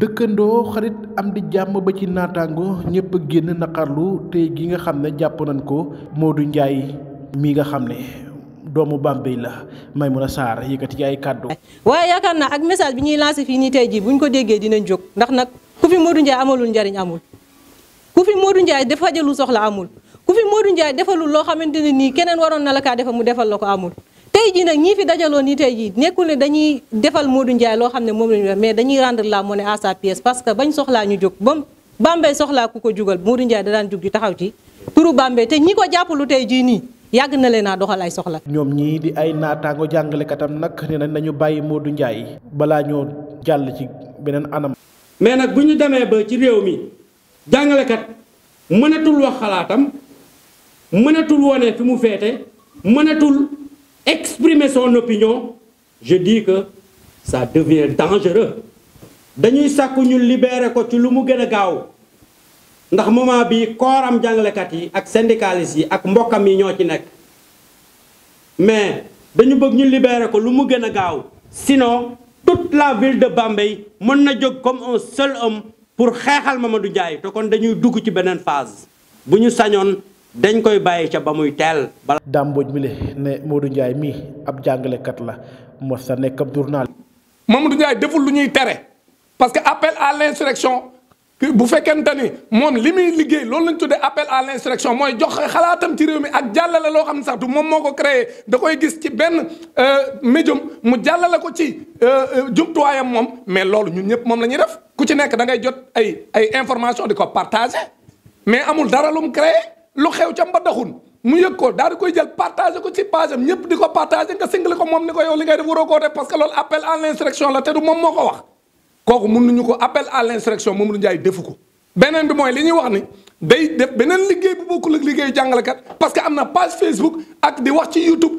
dëkkandoo xarit am di jàmm ba ci naataango ñëpp génn naqarlu tey gi nga xam ne jàpp nañ ko Modou Ndiaye mii nga xam ne doomu Bambey la Maimouna Sarr yëkkati ci ay kàddu. waaye yaakaar na ak message bi ñuy lancé fii nii tey jii bu ñu ko déggee dinañ jóg ndax nag ku fi Modou Ndiaye amalul njariñ amul ku fi Modou Ndiaye dafa fajalu soxla amul ku fi Modou Ndiaye defalul loo xamante ne nii keneen waroon na la kaa defal mu defal la ko amul. tey jii nag ñii fi dajaloon nii tey jii nekkul ne dañuy defal moo Modou Ndiaye loo xam ne moom la ñu def mais dañuy rendre la monnaie à sa que bañ soxlaa ñu jóg bam Bambey soxlaa ku ko jugal Modou Ndiaye da daan jug ju taxaw ci turu Bambey te ñi ko jàppalu tey jii nii yàgg na leen a doxal ay soxla. ñoom ñii di ay naataango jàngalekatam nag nee na nañu bàyyi moo Modou Ndiaye balaa ñoo jàll ci beneen anam. mais nag bu ñu demee ba ci réew mi jàngalekat mënatul wax xalaatam mënatul wone fi mu féete mënatul. exprimer son opinion je dis que ça devient dangereux dañuy sàkku ñu libérer ko ci lu mu gën a gaaw ndax moment bi kooram jàngalekat yi ak syndicalistes yi ak mbokkam yi ñoo ci nekk mais dañu bëgg ñu libérer ko lu mu gën a gaaw sinon toute la ville de Bambey mën na jóg comme un seul homme pour xeexal Mamadou Ndiaye te kon dañuy dugg ci beneen phase bu ñu sañoon dañ koy bàyyi ca ba muy teel. Dame Mbodj mi le ne du Ndiaye mii ab jàngalekat la mos sa nekk ab journal. Mamadou Ndiaye deful lu ñuy tere parce que appel à l'insurrection bu fekkente ni moom li muy liggéey loolu lañ tuddee appel à l'insurrection mooy jox xalaatam ci réew mi ak jàllale loo xam ne sax du moom moo ko créé da koy gis ci benn euh, médium mu jàllale ko ci euh, euh, jumtuwaayam moom mais loolu ñun ñëpp moom la ñuy def ku ci nekk da ngay jot ay ay information di ko partager mais amul dara lu mu lu xew ca mbaddaxun mu yëg ko daa di koy jël partagé ko ci page am ñëpp di ko partagé nga singali ko moom ni ko yow li ngay def waroo koo def parce que loolu appel à l' insurrection la te du moom moo ko wax kooku mënuñu ko appel à l' insurrection Mamadou Ndiaye defu ko beneen bi mooy li ñuy wax ni day def beneen liggéey bu bokkul ak liggéeyu jàngalekat parce que am na page Facebook ak di wax ci YouTube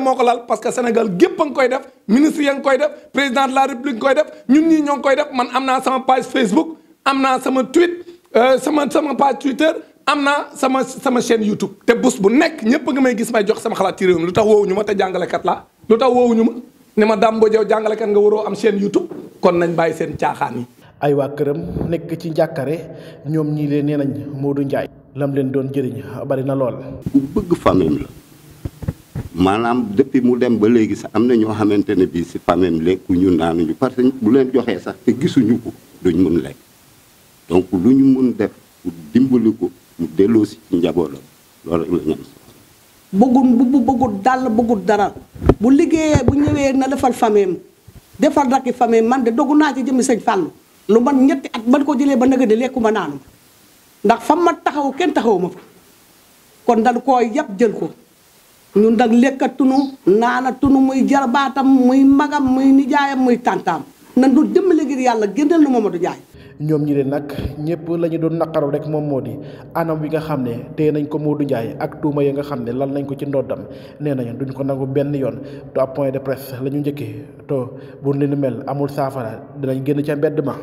moo ko lal parce que Sénégal gépp a ngi koy def ministre ya ngi koy def président de la république koy def ñun ñii ñoo ngi koy def man am na sama page Facebook am naa sama tweet euh, sama sama page Twitter am naa sama sama chaîne YouTube te bés bu nekk ñëpp nga may gis may jox sama xalaat ci réew mi lu tax woowuñu ma te jàngalekat laa lu tax woowuñu ma ne ma Dame Mbodj yow jàngalekat nga waroo am chaîne YouTube kon nañ bàyyi seen caaxaan ay waa këram nekk ci njàkkare ñoom ñii leen nee nañ Modou Ndiaye. lam leen doon jëriñ bari na lool. ku bëgg famille la maanaam depuis mu dem ba léegi sax am na ñoo xamante ne bii si famille lekku ñu naanuñu parce que bu leen joxee sax te gisuñu ko duñ mun lekk donc lu ñu mun def dimbali ko. mu delloo si ci njabootam loolu rek la ñaan bëggut bu bëggut dàll bëggul dara bu liggéeyee bu ñëwee na defal fameem defal rakki fameem man de dogu naa ci jëmm sëñ Fallou lu man ñetti at man ko jëlee ba naga de lekkuma naanuma ndax fam ma taxaw kenn taxaw ma fa kon dal ko yàpp jël ko ñun nag lekkatunu naanatunu muy jarbaatam muy magam muy nijaayam muy tàntaam na du dimbali ngir yàlla génneel nu Mamadou Ndiaye ñoom ñi leen nag ñëpp la ñu doon naqaru rek moom moo di anam wi nga xam ne téye nañ ko moo du Ndiaye ak tuuma yi nga xam ne lan nañ ko ci ndoddam nee nañ duñ ko nangu benn yoon te ab point de presse la ñu njëkkee to bu ni mel amul saafara dinañ génn ca mbedd ma